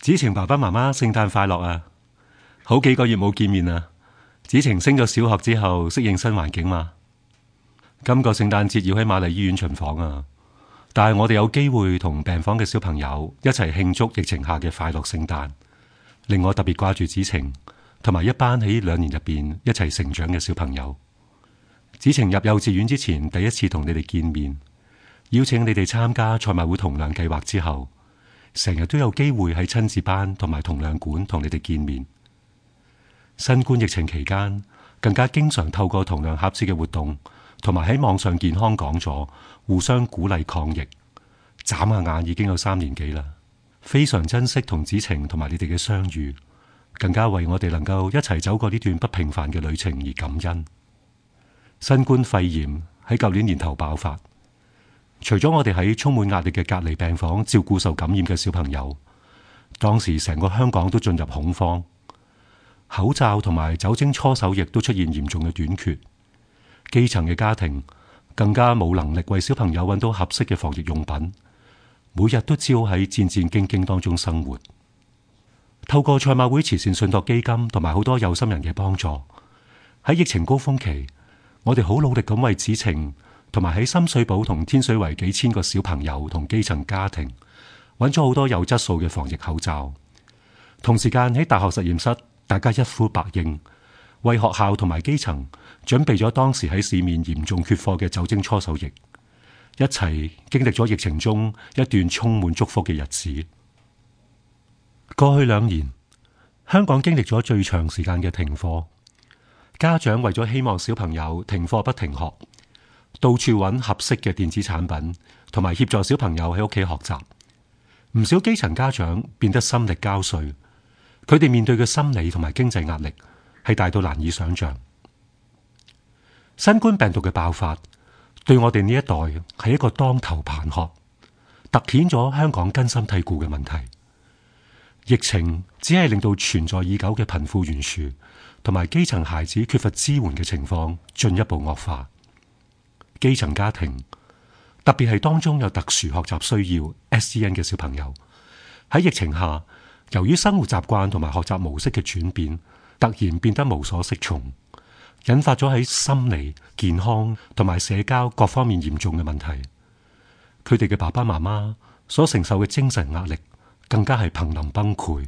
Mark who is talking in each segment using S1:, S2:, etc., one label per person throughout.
S1: 子晴爸爸媽媽聖誕快樂啊！好幾個月冇見面啦。啊，子晴升咗小學之後適應新環境嘛。今個聖誕節要喺瑪麗醫院巡房啊，但係我哋有機會同病房嘅小朋友一齊慶祝疫情下嘅快樂聖誕，令我特別掛住子晴同埋一班喺兩年入邊一齊成長嘅小朋友。子晴入幼稚園之前第一次同你哋見面，邀請你哋參加賽馬會童亮計劃之後。成日都有機會喺親子班同埋童亮館同你哋見面。新冠疫情期間，更加經常透過童亮合志嘅活動，同埋喺網上健康講座，互相鼓勵抗疫。眨下眼已經有三年幾啦，非常珍惜同子晴同埋你哋嘅相遇，更加為我哋能夠一齊走過呢段不平凡嘅旅程而感恩。新冠肺炎喺舊年年頭爆發。除咗我哋喺充滿壓力嘅隔離病房照顧受感染嘅小朋友，當時成個香港都進入恐慌，口罩同埋酒精搓手液都出現嚴重嘅短缺，基層嘅家庭更加冇能力為小朋友揾到合適嘅防疫用品，每日都只好喺戰戰兢兢當中生活。透過賽馬會慈善信託基金同埋好多有心人嘅幫助，喺疫情高峰期，我哋好努力咁為子晴。同埋喺深水埗同天水圍，幾千個小朋友同基層家庭揾咗好多有質素嘅防疫口罩。同時間喺大學實驗室，大家一呼百應，為學校同埋基層準備咗當時喺市面嚴重缺貨嘅酒精搓手液。一齊經歷咗疫情中一段充滿祝福嘅日子。過去兩年，香港經歷咗最長時間嘅停課，家長為咗希望小朋友停課不停學。到處揾合適嘅電子產品，同埋協助小朋友喺屋企學習。唔少基層家長變得心力交瘁，佢哋面對嘅心理同埋經濟壓力係大到難以想象。新冠病毒嘅爆發對我哋呢一代係一個當頭棒喝，凸顯咗香港根深蒂固嘅問題。疫情只係令到存在已久嘅貧富懸殊同埋基層孩子缺乏支援嘅情況進一步惡化。基層家庭，特別係當中有特殊學習需要 SEN 嘅小朋友，喺疫情下，由於生活習慣同埋學習模式嘅轉變，突然變得無所適從，引發咗喺心理健康同埋社交各方面嚴重嘅問題。佢哋嘅爸爸媽媽所承受嘅精神壓力，更加係瀕臨崩潰。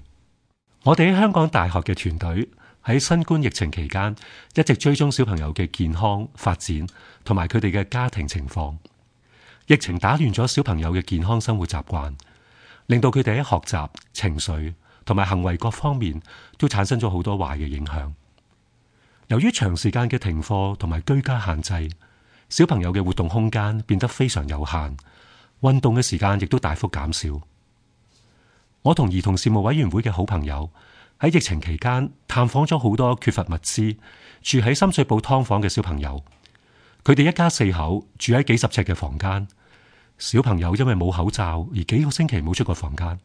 S1: 我哋喺香港大學嘅團隊，喺新冠疫情期間，一直追蹤小朋友嘅健康發展同埋佢哋嘅家庭情況。疫情打亂咗小朋友嘅健康生活習慣，令到佢哋喺學習、情緒同埋行為各方面都產生咗好多壞嘅影響。由於長時間嘅停課同埋居家限制，小朋友嘅活動空間變得非常有限，運動嘅時間亦都大幅減少。我同兒童事務委員會嘅好朋友。喺疫情期間，探訪咗好多缺乏物資、住喺深水埗劏房嘅小朋友。佢哋一家四口住喺幾十尺嘅房間，小朋友因為冇口罩而幾個星期冇出過房間。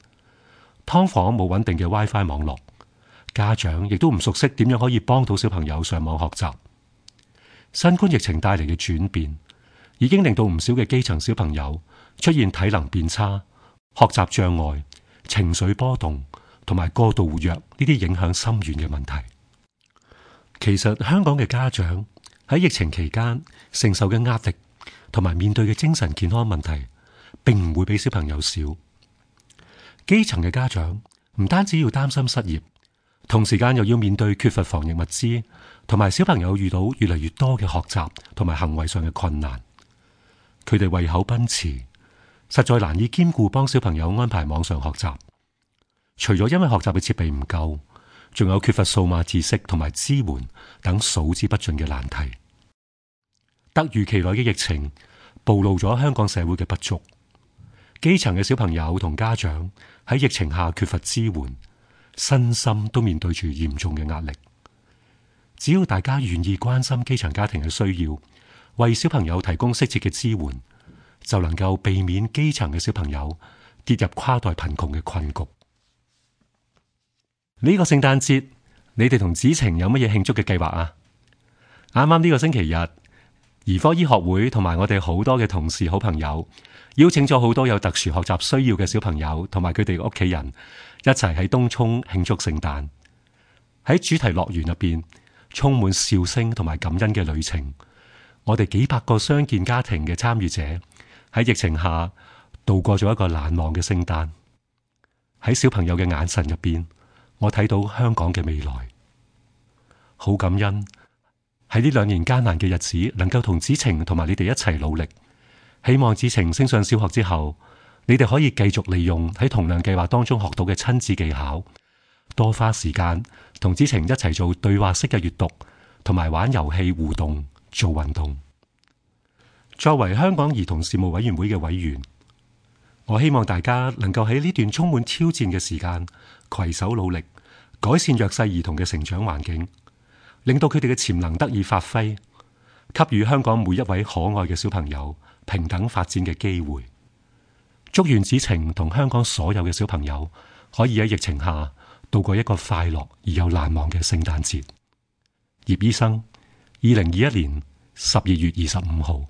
S1: 劏房冇穩定嘅 WiFi 網絡，家長亦都唔熟悉點樣可以幫到小朋友上網學習。新冠疫情帶嚟嘅轉變，已經令到唔少嘅基層小朋友出現體能變差、學習障礙、情緒波動。同埋過度活躍呢啲影響深遠嘅問題，其實香港嘅家長喺疫情期間承受嘅壓力，同埋面對嘅精神健康問題，並唔會比小朋友少。基層嘅家長唔單止要擔心失業，同時間又要面對缺乏防疫物資，同埋小朋友遇到越嚟越多嘅學習同埋行為上嘅困難。佢哋為口奔馳，實在難以兼顧幫小朋友安排網上學習。除咗因為學習嘅設備唔夠，仲有缺乏數碼知識同埋支援，等數之不盡嘅難題。突如其來嘅疫情暴露咗香港社會嘅不足。基層嘅小朋友同家長喺疫情下缺乏支援，身心都面對住嚴重嘅壓力。只要大家願意關心基層家庭嘅需要，為小朋友提供適切嘅支援，就能夠避免基層嘅小朋友跌入跨代貧窮嘅困局。呢個聖誕節，你哋同子晴有乜嘢慶祝嘅計劃啊？啱啱呢個星期日，兒科醫學會同埋我哋好多嘅同事好朋友，邀請咗好多有特殊學習需要嘅小朋友同埋佢哋屋企人一齊喺東涌慶祝聖誕。喺主題樂園入邊，充滿笑聲同埋感恩嘅旅程。我哋幾百個相見家庭嘅參與者喺疫情下度過咗一個難忘嘅聖誕。喺小朋友嘅眼神入邊。我睇到香港嘅未來，好感恩喺呢兩年艱難嘅日子，能夠同子晴同埋你哋一齊努力。希望子晴升上小學之後，你哋可以繼續利用喺同樣計劃當中學到嘅親子技巧，多花時間同子晴一齊做對話式嘅閱讀，同埋玩遊戲互動、做運動。作為香港兒童事務委員會嘅委員，我希望大家能夠喺呢段充滿挑戰嘅時間。携手努力改善弱勢兒童嘅成長環境，令到佢哋嘅潛能得以發揮，給予香港每一位可愛嘅小朋友平等發展嘅機會。祝願子晴同香港所有嘅小朋友可以喺疫情下度過一個快樂而又難忘嘅聖誕節。葉醫生，二零二一年十二月二十五號。